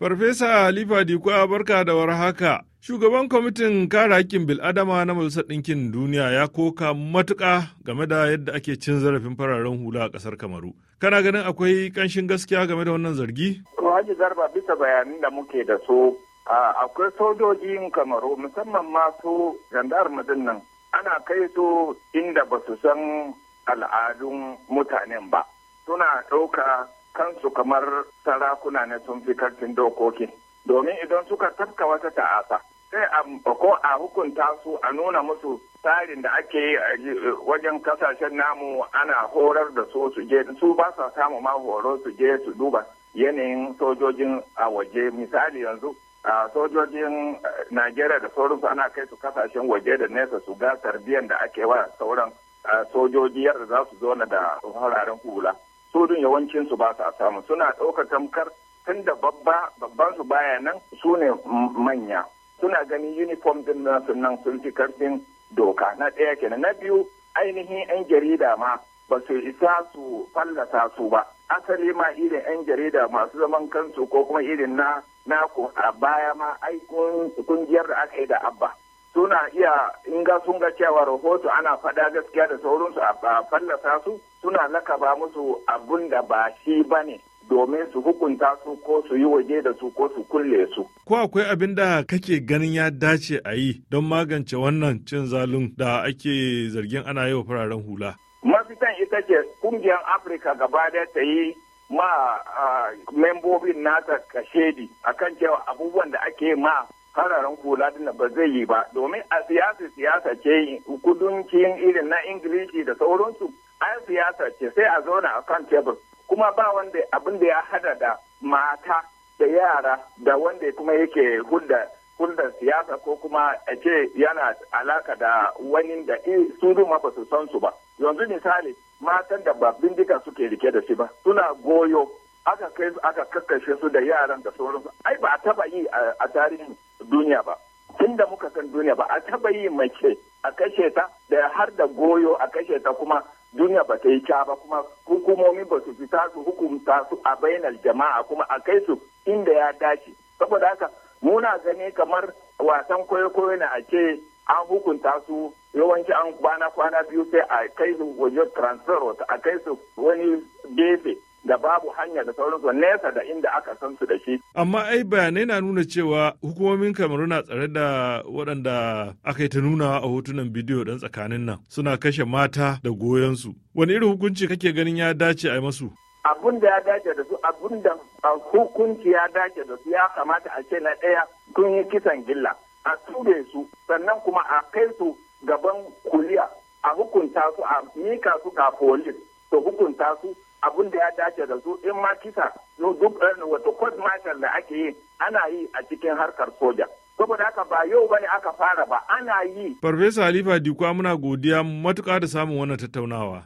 Farfesa Halifa Dikwa barka da haka, Shugaban kwamitin kare hakkin bil'adama na Majalisar Ɗinkin Duniya ya koka matuƙa game da yadda ake cin zarafin fararen hula a ƙasar Kamaru. Kana ganin akwai ƙanshin gaskiya game da wannan zargi? To Haji Garba bisa bayanan da muke da su akwai sojojin Kamaru musamman masu jandar madin nan ana kai su inda ba su san al'adun mutanen ba. Suna ɗauka kansu kamar sarakuna ne sun fi karfin dokoki domin idan suka tafka wata ta'asa sai a ko a hukunta su a nuna musu tsarin da ake eh, wajen kasashen namu ana horar da su su je su ba sa samu ma horo su je su duba yanayin sojojin a waje misali yanzu a sojojin eh, najeriya da sauransu ana kai su kasashen waje da nesa su ga tarbiyyar da ake wa sauran eh, sojoji yadda za su zo da fararen hula su yawancinsu yawancin su ba sa samu suna ɗaukar tamkar tun da babba babban su baya nan su ne manya suna ganin uniform din nasu nan sun fi karfin doka na ɗaya kenan na biyu ainihin 'yan jarida ma ba su isa su fallasa su ba asali ma irin 'yan jarida masu zaman kansu ko kuma irin na na a baya ma ai kungiyar da aka yi da abba suna iya in ga sun ga cewa rahoto ana faɗa gaskiya da sauransu a fallasa su suna lakaba musu abun da ba shi ba ne domin su hukunta su ko su yi waje da su ko su kulle su. Ko akwai abin da kake ganin ya dace a yi don magance wannan cin zalun da ake zargin ana yi wa fararen hula? Mafitan ita ce kungiyar Afirka gaba da ta yi ma membobin nata kashedi akan cewa abubuwan da ake ma fararen hula da ba zai yi ba domin a siyasa siyasa ce kuduncin irin na ingilishi da sauransu a siyasa ce sai a zauna a kan tebur kuma ba wanda abin da ya hada da mata da yara da wanda kuma yake hulda hulda siyasa ko kuma a ce yana alaka da wani da su duma ba su san su ba yanzu misali matan da ba bindiga suke rike da shi ba suna goyo aka kai aka kakkashe su da yaran da sauransu ai ba taba yi a tarihin duniya ba tun da muka san duniya ba a taba yi mace a kashe ta da har da goyo a kashe ta kuma duniya ba ta yi ca ba kuma hukumomi ba su fita su hukunta su a bainar jama'a kuma a kai su inda ya dace saboda haka muna gani kamar wasan kwaikwayo na a ce an hukunta su yawanci an kwana kwana biyu sai a kai su waje transfer a kai su wani gefe da babu hanya da sauransu nesa da inda aka san su da shi. Amma ai bayanai na nuna cewa hukumomin Kamaru na tsare da waɗanda aka yi ta nunawa a hotunan bidiyo ɗan tsakanin nan suna kashe mata da goyonsu. Wani irin hukunci kake ganin ya dace a yi masu? Abun da ya dace da su abun da hukunci ya dace da su ya kamata a ce na ɗaya tun yi kisan gilla a tube su sannan kuma a kai su gaban kuliya a hukunta su a mika su ga polis to hukunta su abun da ya dace da su in ma kisa duk eh, wato court martial da ake yi ana yi a cikin harkar soja saboda haka ba yau bane aka fara ba ana yi farfesa halifa dikwa muna godiya matuƙa da samun wannan tattaunawa